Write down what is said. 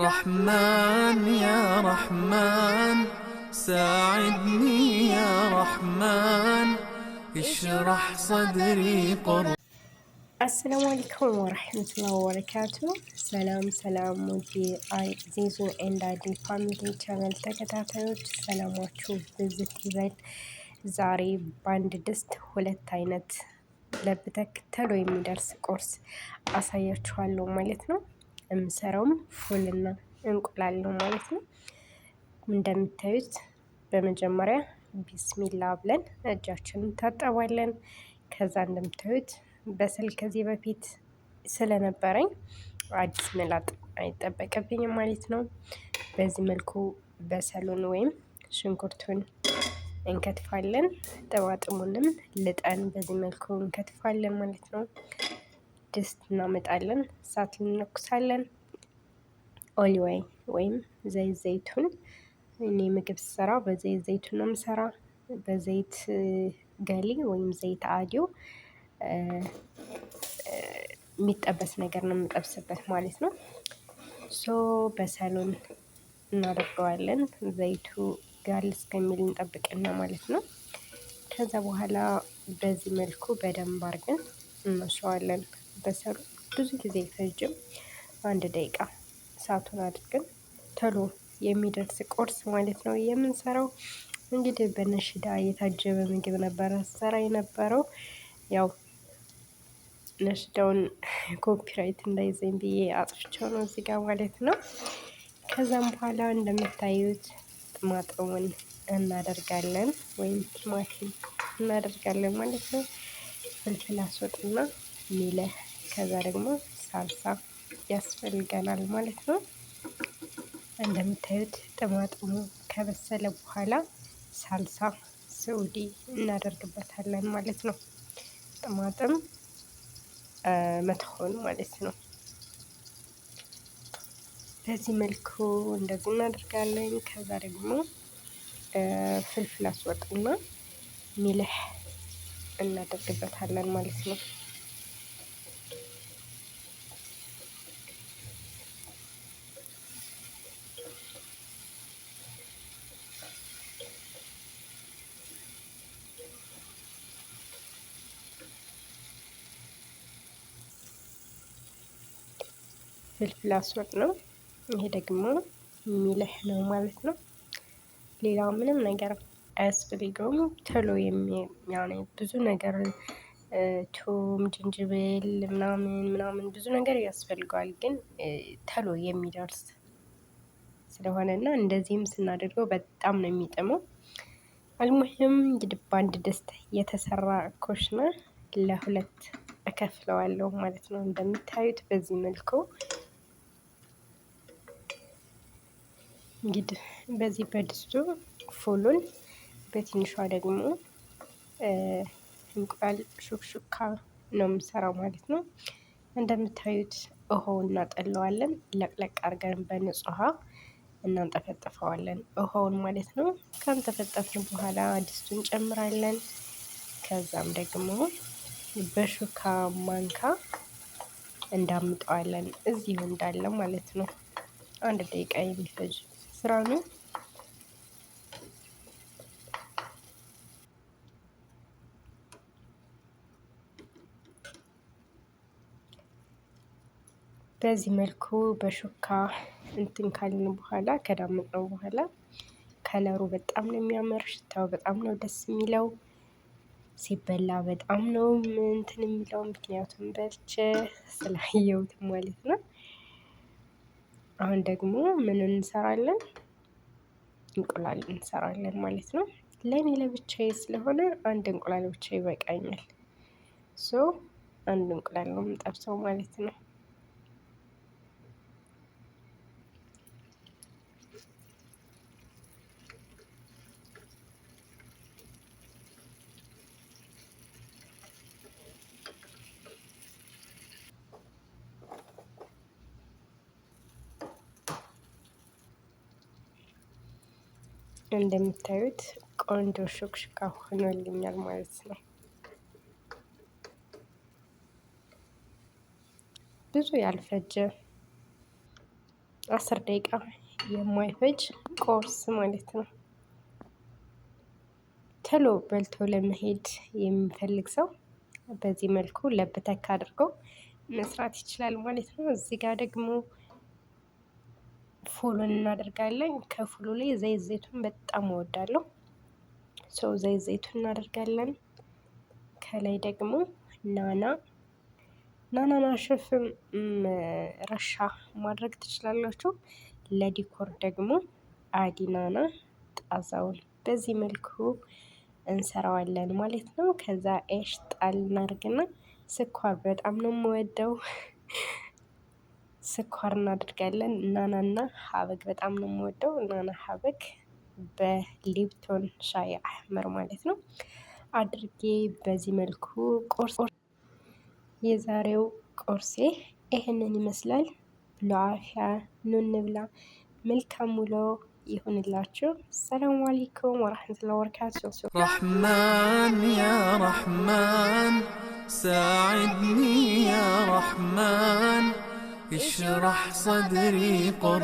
رحمن يا رحمن ساعدني يا رحمن اشرح صدري قرآن አሰላሙ አለይኩም ወረሕመቱላሂ ወበረካቱ። ሰላም ሰላም፣ ውድ ዚዙ ኤንድ አዲ ፋሚሊ ቻናል ተከታታዮች ሰላማችሁ ብዝት ይበል። ዛሬ በአንድ ድስት ሁለት አይነት ለብተክ ተሎ የሚደርስ ቁርስ አሳያችኋለሁ ማለት ነው። የምሰራውም ፉልና እንቁላል ነው ማለት ነው። እንደምታዩት በመጀመሪያ ቢስሚላ ብለን እጃችንን ታጠባለን። ከዛ እንደምታዩት በስል ከዚህ በፊት ስለነበረኝ አዲስ መላጥ አይጠበቅብኝም ማለት ነው። በዚህ መልኩ በሰሉን ወይም ሽንኩርቱን እንከትፋለን። ጥማጥሙንም ልጠን በዚህ መልኩ እንከትፋለን ማለት ነው። ድስት እናመጣለን። እሳት እንነኩሳለን። ኦሊወይ ወይም ዘይት ዘይቱን እኔ ምግብ ስሰራ በዘይት ዘይቱን ነው የምሰራ። በዘይት ገሊ ወይም ዘይት አዲዮ የሚጠበስ ነገር ነው የምጠብስበት ማለት ነው። ሶ በሰሎን እናደርገዋለን። ዘይቱ ጋል እስከሚል እንጠብቅና ማለት ነው። ከዛ በኋላ በዚህ መልኩ በደንብ አርገን እናሸዋለን። በሰሩ ብዙ ጊዜ ፈጅም አንድ ደቂቃ እሳቱን አድርገን ቶሎ የሚደርስ ቁርስ ማለት ነው የምንሰራው። እንግዲህ በነሽዳ የታጀበ ምግብ ነበረ ሰራ የነበረው ያው ነሽዳውን ኮፒራይት እንዳይዘኝ ብዬ አጥፍቸው ነው እዚህ ጋር ማለት ነው። ከዛም በኋላ እንደምታዩት ጥማጥሙን እናደርጋለን ወይም ቲማቲም እናደርጋለን ማለት ነው። ፍልፍል አስወጥና ሚለህ ከዛ ደግሞ ሳልሳ ያስፈልገናል ማለት ነው። እንደምታዩት ጥማጥሙ ከበሰለ በኋላ ሳልሳ ስዑዲ እናደርግበታለን ማለት ነው። ጥማጥም መትሆን ማለት ነው። በዚህ መልኩ እንደዚህ እናደርጋለን። ከዛ ደግሞ ፍልፍል አስወጥና ሚልህ እናደርግበታለን ማለት ነው። ፍልፍል አስወጥ ነው። ይሄ ደግሞ ሚልህ ነው ማለት ነው። ሌላው ምንም ነገር አያስፈልገውም። ቶሎ ብዙ ነገር ቱም፣ ጅንጅብል ምናምን ምናምን ብዙ ነገር ያስፈልገዋል፣ ግን ቶሎ የሚደርስ ስለሆነ እና እንደዚህም ስናደርገው በጣም ነው የሚጥመው። አልሙሂም እንግዲህ በአንድ ድስት የተሰራ ኮሽና ለሁለት እከፍለዋለሁ ማለት ነው። እንደምታዩት በዚህ መልኩ እንግዲህ በዚህ በድስቱ ፎሉን በትንሿ ደግሞ እንቁላል ሹክሹካ ነው የምሰራው ማለት ነው። እንደምታዩት ውሃውን እናጠለዋለን። ለቅለቅ አድርገን በንጹህ ውሃ እናንጠፈጥፈዋለን፣ ውሃውን ማለት ነው። ከንጠፈጠፍን በኋላ ድስቱን እንጨምራለን ከዛም ደግሞ በሹካ ማንካ እንዳምጠዋለን፣ እዚሁ እንዳለ ማለት ነው። አንድ ደቂቃ የሚፈጅ ስራ ነው። በዚህ መልኩ በሹካ እንትን ካልን በኋላ ከዳመጥነው በኋላ ከለሩ በጣም ነው የሚያምር። ሽታው በጣም ነው ደስ የሚለው። ሲበላ በጣም ነው እንትን የሚለው ምክንያቱም በልቼ ስላየሁት ማለት ነው። አሁን ደግሞ ምን እንሰራለን? እንቁላል እንሰራለን ማለት ነው። ለእኔ ለብቻዬ ስለሆነ አንድ እንቁላል ብቻ ይበቃኛል። ሶ አንድ እንቁላል ነው የምጠብሰው ማለት ነው። እንደምታዩት ቆንጆ ሹክሹካ ሆኖልኛል ማለት ነው። ብዙ ያልፈጀ አስር ደቂቃ የማይፈጅ ቁርስ ማለት ነው። ቶሎ በልቶ ለመሄድ የሚፈልግ ሰው በዚህ መልኩ ለብተክ አድርጎ መስራት ይችላል ማለት ነው። እዚህ ጋር ደግሞ ፎሎ እናደርጋለን። ከፎሎ ላይ ዘይት ዘይቱን በጣም እወዳለሁ። ሰው ዘይት ዘይቱን እናደርጋለን። ከላይ ደግሞ ናና ናና ሸፍም ረሻ ማድረግ ትችላላችሁ። ለዲኮር ደግሞ አዲናና ጣዛውን በዚህ መልኩ እንሰራዋለን ማለት ነው። ከዛ ኤሽ ጣል እናርግና ስኳር በጣም ነው የምወደው ስኳር እናደርጋለን። ናናና ሀበግ በጣም ነው የምወደው። ናና ሀበግ በሊፕቶን ሻይ አህመር ማለት ነው አድርጌ በዚህ መልኩ ቁርስ የዛሬው ቁርሴ ይህንን ይመስላል። ብሎ ኑንብላ መልካም ውሎ ይሁንላችሁ። ሰላሙ አለይኩም ወራህመቱላሂ ወበረካቱ። ረሕማን ያ ረሕማን ሳዕድኒ ያ اشرح صدري قر